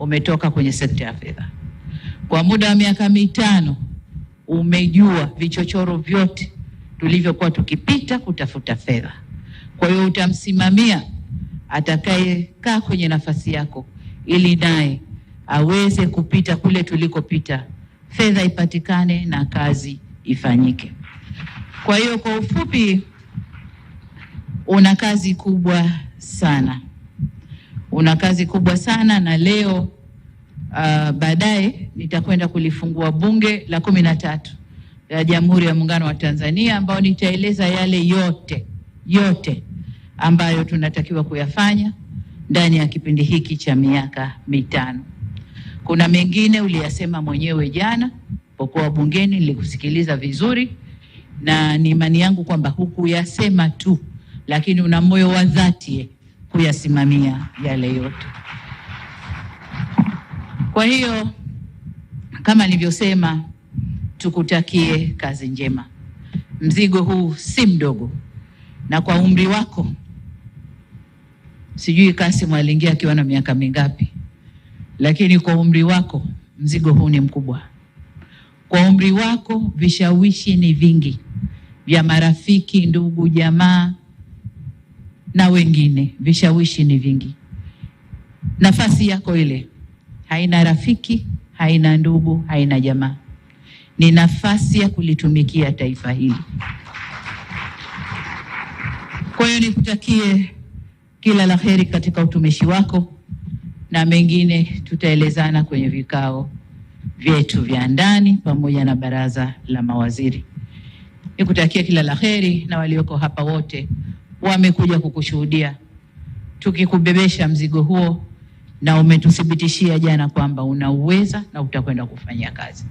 umetoka kwenye sekta ya fedha. Kwa muda wa miaka mitano umejua vichochoro vyote tulivyokuwa tukipita kutafuta fedha. Kwa hiyo utamsimamia atakayekaa kwenye nafasi yako ili naye aweze kupita kule tulikopita, fedha ipatikane na kazi ifanyike. Kwa hiyo kwa ufupi, una kazi kubwa sana una kazi kubwa sana, na leo uh, baadaye nitakwenda kulifungua bunge la kumi na tatu la Jamhuri ya Muungano wa Tanzania, ambayo nitaeleza yale yote yote ambayo tunatakiwa kuyafanya ndani ya kipindi hiki cha miaka mitano. Kuna mengine uliyasema mwenyewe jana pokuwa bungeni, nilikusikiliza vizuri, na ni imani yangu kwamba hukuyasema tu, lakini una moyo wa dhati kuyasimamia yale yote. Kwa hiyo kama nilivyosema, tukutakie kazi njema. Mzigo huu si mdogo, na kwa umri wako, sijui kasi aliingia akiwa na miaka mingapi, lakini kwa umri wako mzigo huu ni mkubwa. Kwa umri wako vishawishi ni vingi vya marafiki, ndugu, jamaa na wengine. Vishawishi ni vingi. Nafasi yako ile haina rafiki, haina ndugu, haina jamaa, ni nafasi ya kulitumikia taifa hili. Kwa hiyo nikutakie kila la heri katika utumishi wako, na mengine tutaelezana kwenye vikao vyetu vya ndani pamoja na baraza la mawaziri. Nikutakie kila la heri na walioko hapa wote wamekuja kukushuhudia, tukikubebesha mzigo huo, na umetuthibitishia jana kwamba unauweza na utakwenda kufanya kazi.